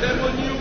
démoniu